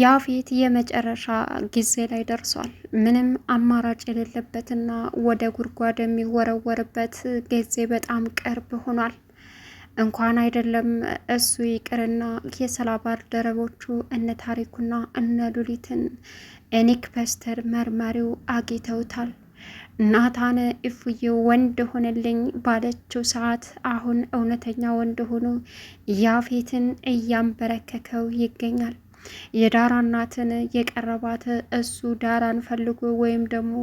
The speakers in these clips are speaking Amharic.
ያፌት የመጨረሻ ጊዜ ላይ ደርሷል። ምንም አማራጭ የሌለበትና ወደ ጉድጓድ የሚወረወርበት ጊዜ በጣም ቅርብ ሆኗል። እንኳን አይደለም እሱ ይቅርና የሰላ ባልደረቦቹ እነ ታሪኩና እነ ሉሊትን ኤኒክ ፐስተር መርማሪው አግኝተውታል። ናታን እፉዬ ወንድ ሆነልኝ ባለችው ሰዓት አሁን እውነተኛ ወንድ ሆኖ ያፌትን እያንበረከከው ይገኛል። የዳራ እናትን የቀረባት እሱ ዳራን ፈልጎ ወይም ደግሞ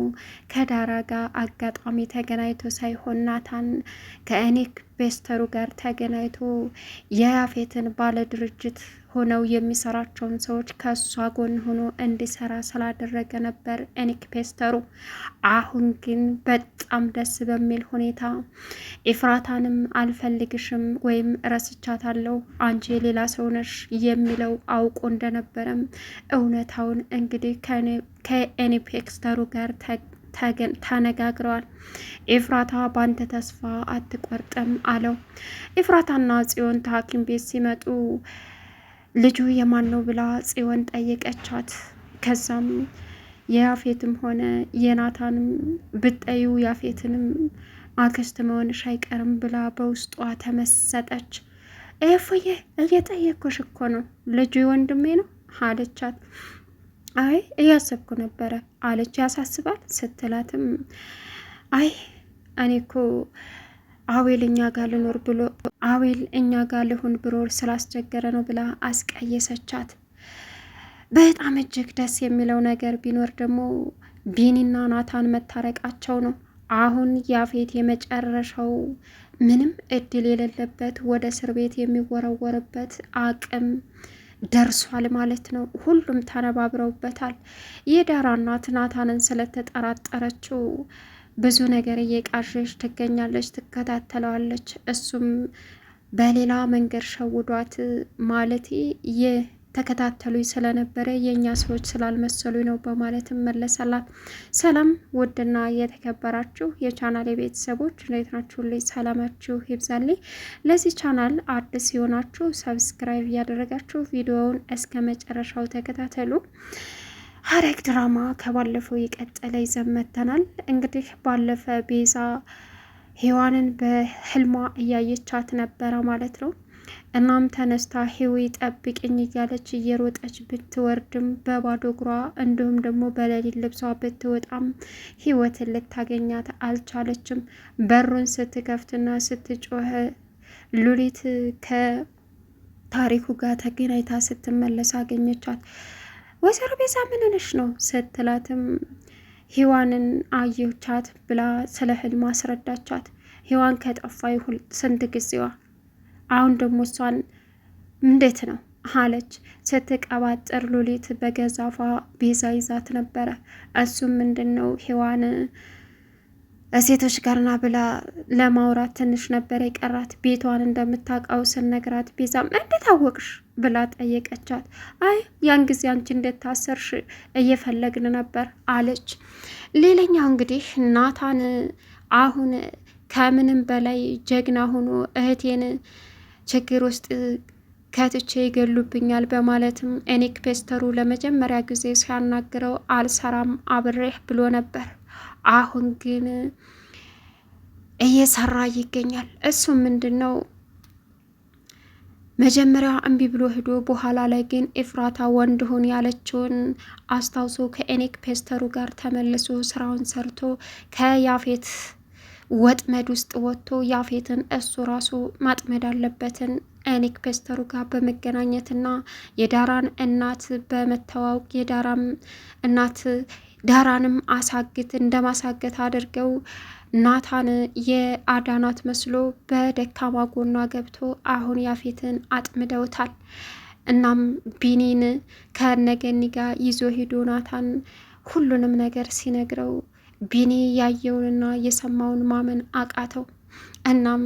ከዳራ ጋር አጋጣሚ ተገናኝቶ ሳይሆን ናታን ከእኔ ከኢንቨስተሩ ጋር ተገናኝቶ የያፌትን ባለ ድርጅት ሆነው የሚሰራቸውን ሰዎች ከእሷ ጎን ሆኖ እንዲሰራ ስላደረገ ነበር ኤኒክፔስተሩ አሁን ግን በጣም ደስ በሚል ሁኔታ ኢፍራታንም አልፈልግሽም ወይም ረስቻታለሁ፣ አንቺ የሌላ ሰው ነሽ የሚለው አውቆ እንደነበረም እውነታውን እንግዲህ ከኢንቨስተሩ ጋር ተነጋግረዋል። ኤፍራታ ባንተ ተስፋ አትቆርጥም አለው። ኤፍራታና ጽዮን ተሐኪም ቤት ሲመጡ ልጁ የማን ነው ብላ ጽዮን ጠየቀቻት። ከዛም የያፌትም ሆነ የናታንም ብጠዩ ያፌትንም አክስት መሆንሽ አይቀርም ብላ በውስጧ ተመሰጠች። ኤፎዬ እየጠየኩሽ እኮ ነው ልጁ ወንድሜ ነው አለቻት። አይ እያሰብኩ ነበረ አለች። ያሳስባል ስትላትም አይ እኔ እኮ አዌል እኛ ጋር ልኖር ብሎ አዌል እኛ ጋር ልሁን ብሎ ስላስቸገረ ነው ብላ አስቀየሰቻት። በጣም እጅግ ደስ የሚለው ነገር ቢኖር ደግሞ ቢኒና ናታን መታረቃቸው ነው። አሁን ያፌት የመጨረሻው ምንም እድል የሌለበት ወደ እስር ቤት የሚወረወርበት አቅም ደርሷል ማለት ነው። ሁሉም ተነባብረውበታል። የዳራ እናት ናታንን ስለተጠራጠረችው ብዙ ነገር እየቃዠች ትገኛለች፣ ትከታተለዋለች። እሱም በሌላ መንገድ ሸውዷት ማለት ይህ ተከታተሉኝ ስለነበረ የእኛ ሰዎች ስላልመሰሉ ነው በማለት መለሰላት። ሰላም ውድና የተከበራችሁ የቻናል የቤተሰቦች እንዴት ልጅ ሰላማችሁ ይብዛልኝ። ለዚህ ቻናል አዲስ የሆናችሁ ሰብስክራይብ እያደረጋችሁ ቪዲዮውን እስከ መጨረሻው ተከታተሉ። ሐረግ ድራማ ከባለፈው የቀጠለ ይዘን መጥተናል። እንግዲህ ባለፈ ቤዛ ሔዋንን በህልሟ እያየቻት ነበረ ማለት ነው እናም ተነስታ ሂዊ ጠብቅኝ እያለች እየሮጠች ብትወርድም በባዶ እግሯ እንዲሁም ደግሞ በሌሊት ልብሷ ብትወጣም ህይወትን ልታገኛት አልቻለችም። በሩን ስትከፍትና ስትጮህ ሉሊት ከታሪኩ ጋር ተገናኝታ ስትመለስ አገኘቻት። ወይዘሮ ቤዛ ምን ሆነሽ ነው ስትላትም ሂዋንን አየቻት ብላ ስለ ህልም አስረዳቻት። ሂዋን ከጠፋ ስንት ጊዜዋ አሁን ደግሞ እሷን እንዴት ነው አለች ስትቀባጥር። ሉሊት በገዛፏ ቤዛ ይዛት ነበረ። እሱም ምንድን ነው ሔዋን ሴቶች ጋርና ብላ ለማውራት ትንሽ ነበረ የቀራት። ቤቷን እንደምታውቀው ስነግራት ቤዛም እንዴት አወቅሽ ብላ ጠየቀቻት። አይ ያን ጊዜ አንቺ እንደታሰርሽ እየፈለግን ነበር አለች። ሌላኛው እንግዲህ ናታን አሁን ከምንም በላይ ጀግና ሆኖ እህቴን ችግር ውስጥ ከትቼ ይገሉብኛል በማለትም ኤኒክ ፔስተሩ ለመጀመሪያ ጊዜ ሲያናግረው አልሰራም አብሬህ ብሎ ነበር። አሁን ግን እየሰራ ይገኛል። እሱ ምንድን ነው መጀመሪያ እምቢ ብሎ ሂዶ በኋላ ላይ ግን ኤፍራታ ወንድ ሁን ያለችውን አስታውሶ ከኤኒክ ፔስተሩ ጋር ተመልሶ ስራውን ሰርቶ ከያፌት ወጥመድ ውስጥ ወጥቶ ያፌትን እሱ ራሱ ማጥመድ አለበትን ኤኒክ ፔስተሩ ጋር በመገናኘትና የዳራን እናት በመተዋወቅ የዳራም እናት ዳራንም አሳግት እንደማሳገት አድርገው ናታን የአዳናት መስሎ በደካማ ጎኗ ገብቶ አሁን ያፌትን አጥምደውታል። እናም ቢኒን ከነገኒ ጋር ይዞ ሂዶ ናታን ሁሉንም ነገር ሲነግረው ቢኒ ያየውንና የሰማውን ማመን አቃተው። እናም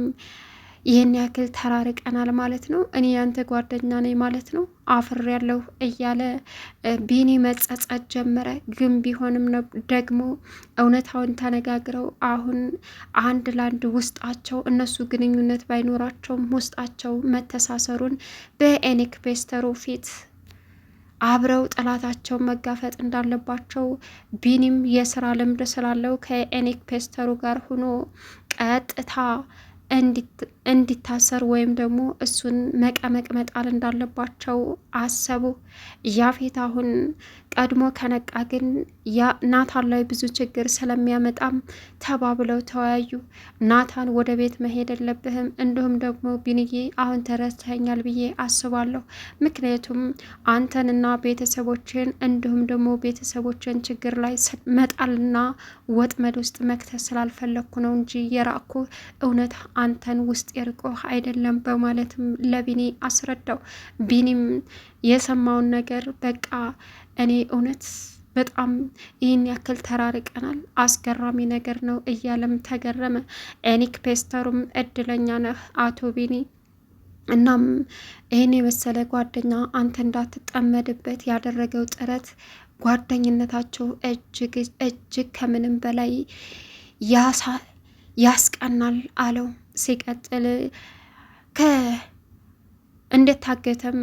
ይህን ያክል ተራርቀናል ማለት ነው፣ እኔ ያንተ ጓደኛ ነኝ ማለት ነው፣ አፍር ያለው እያለ ቢኒ መጸጸት ጀመረ። ግን ቢሆንም ደግሞ እውነታውን ተነጋግረው አሁን አንድ ላንድ ውስጣቸው እነሱ ግንኙነት ባይኖራቸውም ውስጣቸው መተሳሰሩን በኤኒክ ፊት አብረው ጠላታቸው መጋፈጥ እንዳለባቸው ቢኒም የስራ ልምድ ስላለው ከኤኔክ ፔስተሩ ጋር ሆኖ ቀጥታ እንዲት እንዲታሰር ወይም ደግሞ እሱን መቀመቅ መጣል እንዳለባቸው አሰቡ። ያፌት አሁን ቀድሞ ከነቃ ግን ናታን ላይ ብዙ ችግር ስለሚያመጣም ተባብለው ተወያዩ። ናታን ወደ ቤት መሄድ የለብህም፣ እንዲሁም ደግሞ ቢንዬ አሁን ተረስተኛል ብዬ አስባለሁ። ምክንያቱም አንተንና ቤተሰቦችን እንዲሁም ደግሞ ቤተሰቦችን ችግር ላይ መጣልና ወጥመድ ውስጥ መክተት ስላልፈለግኩ ነው እንጂ የራኩ እውነት አንተን ውስጥ ጨርቆህ አይደለም በማለትም ለቢኒ አስረዳው። ቢኒም የሰማውን ነገር በቃ እኔ እውነት በጣም ይህን ያክል ተራርቀናል፣ አስገራሚ ነገር ነው እያለም ተገረመ። ኤኒክ ፔስተሩም እድለኛ ነህ አቶ ቢኒ እናም ይህን የመሰለ ጓደኛ አንተ እንዳትጠመድበት ያደረገው ጥረት ጓደኝነታቸው እጅግ እጅግ ከምንም በላይ ያሳ ያስቀናል አለው። ሲቀጥል እንደታገተም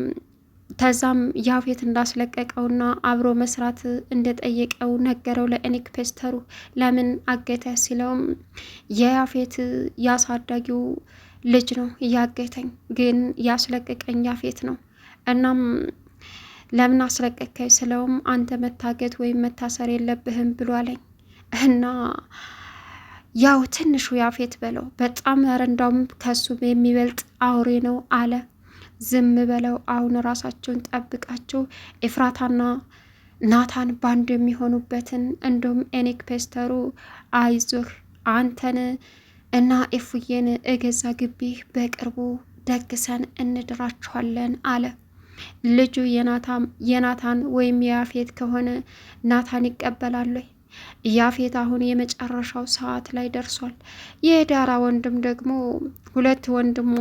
ተዛም ያፌት እንዳስለቀቀውና አብሮ መስራት እንደጠየቀው ነገረው። ለእኔክ ፔስተሩ ለምን አገተ ሲለውም የያፌት ያሳዳጊው ልጅ ነው እያገተኝ፣ ግን ያስለቀቀኝ ያፌት ነው። እናም ለምን አስለቀቀኝ ስለውም አንተ መታገት ወይም መታሰር የለብህም ብሎ አለኝ እና ያው ትንሹ ያፌት በለው በጣም ኧረ እንዳውም ከሱ የሚበልጥ አውሬ ነው አለ። ዝም በለው አሁን ራሳቸውን ጠብቃቸው ኤፍራታና ናታን ባንድ የሚሆኑበትን እንዲሁም ኤኒክ ፔስተሩ አይዞህ አንተን እና ኤፉዬን እገዛ ግቢህ በቅርቡ ደግሰን እንድራችኋለን አለ። ልጁ የናታን ወይም የያፌት ከሆነ ናታን ይቀበላሉ። ያፌት አሁን የመጨረሻው ሰዓት ላይ ደርሷል። የዳራ ወንድም ደግሞ ሁለት ወንድሞ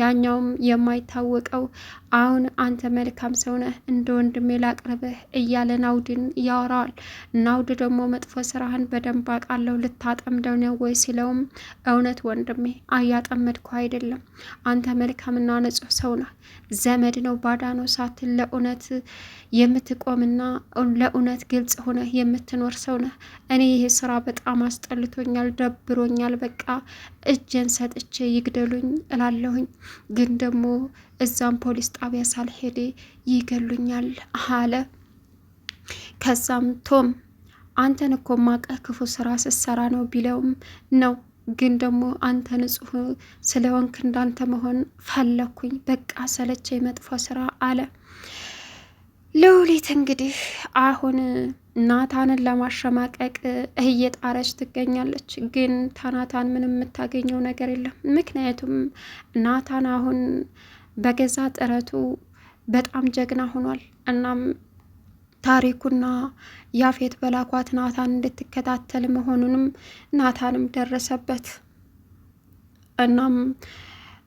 ያኛውም የማይታወቀው አሁን አንተ መልካም ሰው ነህ እንደ ወንድሜ ላቅርብህ እያለ ናውድን ያወራዋል። ናውድ ደግሞ መጥፎ ስራህን በደንብ አውቃለሁ ልታጠምደው ነው ወይ ሲለውም እውነት ወንድሜ አያጠመድኩ አይደለም፣ አንተ መልካምና ንጹህ ሰው ነህ። ዘመድ ነው ባዳኖ ሳት ለእውነት የምትቆምና ለእውነት ግልጽ ሆነህ የምትኖር ሰው ነህ። እኔ ይሄ ስራ በጣም አስጠልቶኛል፣ ደብሮኛል። በቃ እጄን ሰጥቼ ይግደሉኝ እላለሁኝ ግን ደግሞ እዛም ፖሊስ ጣቢያ ሳልሄድ ይገሉኛል አለ። ከዛም ቶም አንተን እኮ ማቀ ክፉ ስራ ስትሰራ ነው ቢለውም ነው ግን ደግሞ አንተ ንጹሕ ስለወንክ እንዳንተ መሆን ፈለኩኝ። በቃ ሰለቸ የመጥፎ ስራ አለ። ልውሊት እንግዲህ አሁን ናታንን ለማሸማቀቅ እየጣረች ትገኛለች። ግን ታናታን ምንም የምታገኘው ነገር የለም። ምክንያቱም ናታን አሁን በገዛ ጥረቱ በጣም ጀግና ሆኗል። እናም ታሪኩና ያፌት በላኳት ናታን እንድትከታተል መሆኑንም ናታንም ደረሰበት። እናም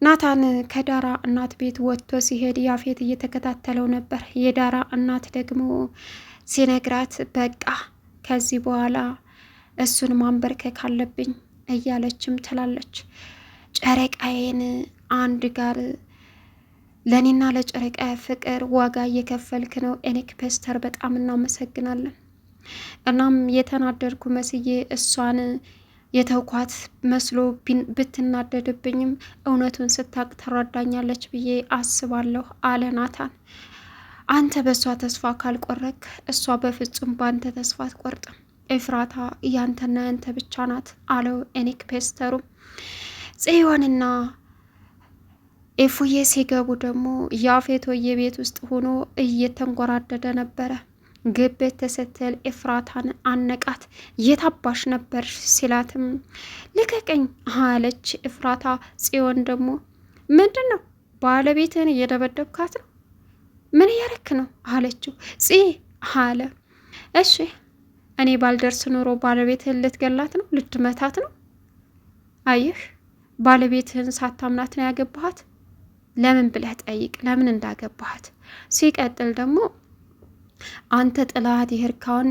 ናታን ከዳራ እናት ቤት ወጥቶ ሲሄድ ያፌት እየተከታተለው ነበር። የዳራ እናት ደግሞ ሲነግራት በቃ ከዚህ በኋላ እሱን ማንበርከክ አለብኝ እያለችም ትላለች። ጨረቃዬን አንድ ጋር ለእኔና ለጨረቃ ፍቅር ዋጋ እየከፈልክ ነው ኤሌክ ፔስተር፣ በጣም እናመሰግናለን። እናም የተናደድኩ መስዬ እሷን የተውኳት መስሎ ብትናደድብኝም እውነቱን ስታቅ ተረዳኛለች ብዬ አስባለሁ አለ ናታን። አንተ በእሷ ተስፋ ካልቆረክ እሷ በፍጹም በአንተ ተስፋ አትቆርጥም። ኤፍራታ እያንተና ያንተ ብቻ ናት አለው ኤሌክ ፔስተሩ ጽዮንና ኤፉዬ ሲገቡ ደግሞ ያፌቶ የቤት ውስጥ ሆኖ እየተንጎራደደ ነበረ። ግብት ተሰትል ኤፍራታን አነቃት። የታባሽ ነበር ሲላትም ልቀቀኝ አለች ኤፍራታ። ጽዮን ደግሞ ምንድን ነው ባለቤትን እየደበደብካት ነው? ምን እያረክ ነው አለችው። ጽ አለ እሺ፣ እኔ ባልደርስ ኑሮ ባለቤትህን ልትገላት ነው ልድመታት ነው። አየህ፣ ባለቤትህን ሳታምናት ነው ያገባሃት ለምን ብለህ ጠይቅ፣ ለምን እንዳገባሃት። ሲቀጥል ደግሞ አንተ ጥላት የሄድካውን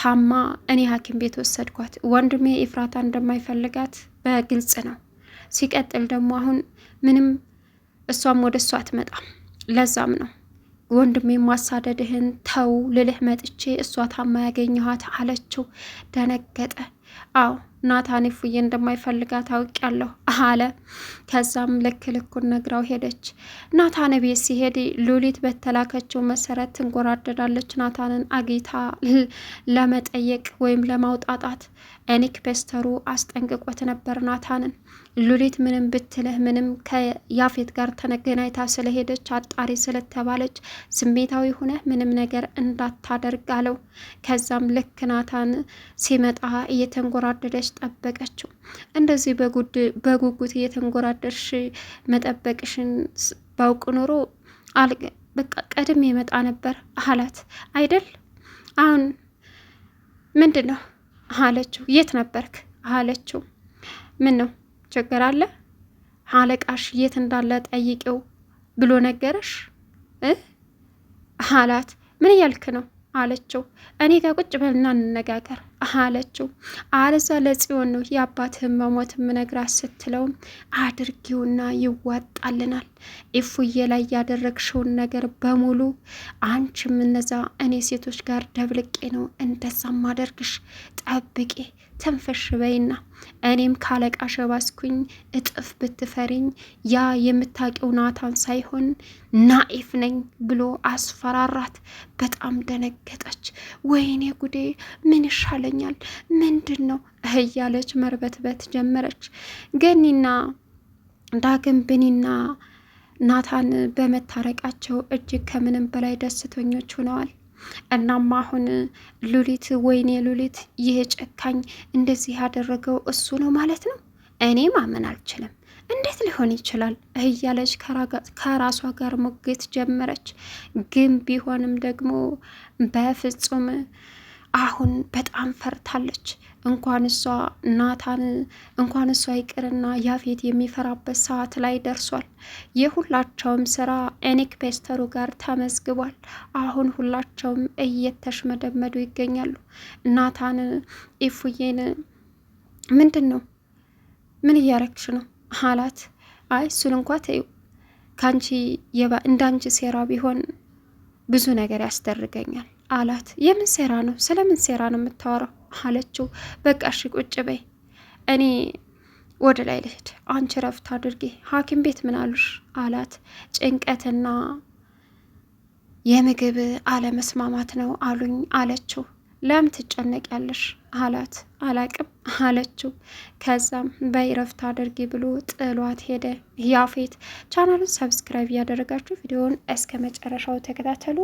ታማ እኔ ሐኪም ቤት ወሰድኳት። ወንድሜ ኤፍራታ እንደማይፈልጋት በግልጽ ነው። ሲቀጥል ደግሞ አሁን ምንም እሷም ወደ እሷ አትመጣም። ለዛም ነው ወንድሜ ማሳደድህን ተው ልልህ መጥቼ እሷ ታማ ያገኘኋት አለችው። ደነገጠ። አዎ ናታን እንደማይፈልጋ እንደማይፈልጋት ያለሁ አለ። ከዛም ልክ ልኩን ነግራው ሄደች። ናታን ቤት ሲሄድ ሉሊት በተላከችው መሰረት ትንጎራደዳለች። ናታንን አግኝታ ለመጠየቅ ወይም ለማውጣጣት ኤኒክ ፔስተሩ አስጠንቅቆት ነበር ናታንን ሉሊት ምንም ብትልህ ምንም ከያፌት ጋር ተገናኝታ ስለሄደች አጣሪ ስለተባለች ስሜታዊ ሁነህ ምንም ነገር እንዳታደርግ አለው። ከዛም ልክ ናታን ሲመጣ እየተንጎራደደች ጠበቀችው። እንደዚህ በጉጉት እየተንጎራደርሽ መጠበቅሽን ባውቅ ኖሮ በቃ ቀድም ይመጣ ነበር አላት። አይደል አሁን ምንድን ነው አለችው። የት ነበርክ አለችው። ምን ነው ችግር አለ? አለቃሽ የት እንዳለ ጠይቂው ብሎ ነገረሽ አላት ምን እያልክ ነው አለችው። እኔ ጋር ቁጭ በልና እንነጋገር አለችው። አለዛ ለጽዮን ነው የአባትህን መሞት ምነግራት ስትለውም አድርጊውና ይዋጣልናል። ኢፉዬ ላይ ያደረግሽውን ነገር በሙሉ አንቺም እነዛ እኔ ሴቶች ጋር ደብልቄ ነው እንደዛ ማደርግሽ። ጠብቄ ትንፍሽ በይና እኔም ካለቃ ሸባስኩኝ እጥፍ ብትፈሪኝ ያ የምታውቂው ናታን ሳይሆን ናኢፍ ነኝ ብሎ አስፈራራት። በጣም ደነገጠች። ወይኔ ጉዴ ምን ይሻለ ይመስለኛል። ምንድን ነው እያለች መርበትበት ጀመረች። ገኒና ዳግም ብኒና ናታን በመታረቃቸው እጅግ ከምንም በላይ ደስተኞች ሆነዋል። እናም አሁን ሉሊት ወይኔ ሉሊት፣ ይህ ጨካኝ እንደዚህ ያደረገው እሱ ነው ማለት ነው። እኔ ማመን አልችልም። እንዴት ሊሆን ይችላል? እያለች ከራሷ ጋር ሙግት ጀመረች። ግን ቢሆንም ደግሞ በፍጹም አሁን በጣም ፈርታለች። እንኳን እሷ ናታን እንኳን እሷ ይቅርና ያፌት የሚፈራበት ሰዓት ላይ ደርሷል። የሁላቸውም ስራ ፔስተሩ ጋር ተመዝግቧል። አሁን ሁላቸውም እየተሽመደመዱ ይገኛሉ። ናታን ኢፉዬን ምንድን ነው ምን እያረግሽ ነው አላት። አይ እሱን እንኳ ተዩ ከአንቺ እንዳንቺ ሴራ ቢሆን ብዙ ነገር ያስደርገኛል አላት። የምን ሴራ ነው? ስለምን ሴራ ነው የምታወራው? አለችው። በቃ እሺ ቁጭ በይ፣ እኔ ወደ ላይ ልሄድ፣ አንቺ ረፍት አድርጌ። ሐኪም ቤት ምን አሉሽ? አላት። ጭንቀትና የምግብ አለመስማማት ነው አሉኝ አለችው። ትጨነቅ ትጨነቂያለሽ? አላት። አላቅም አለችው። ከዛም በይ ረፍት አድርጊ ብሎ ጥሏት ሄደ። ያፌት ቻናሉን ሰብስክራይብ እያደረጋችሁ ቪዲዮውን እስከ መጨረሻው ተከታተሉ።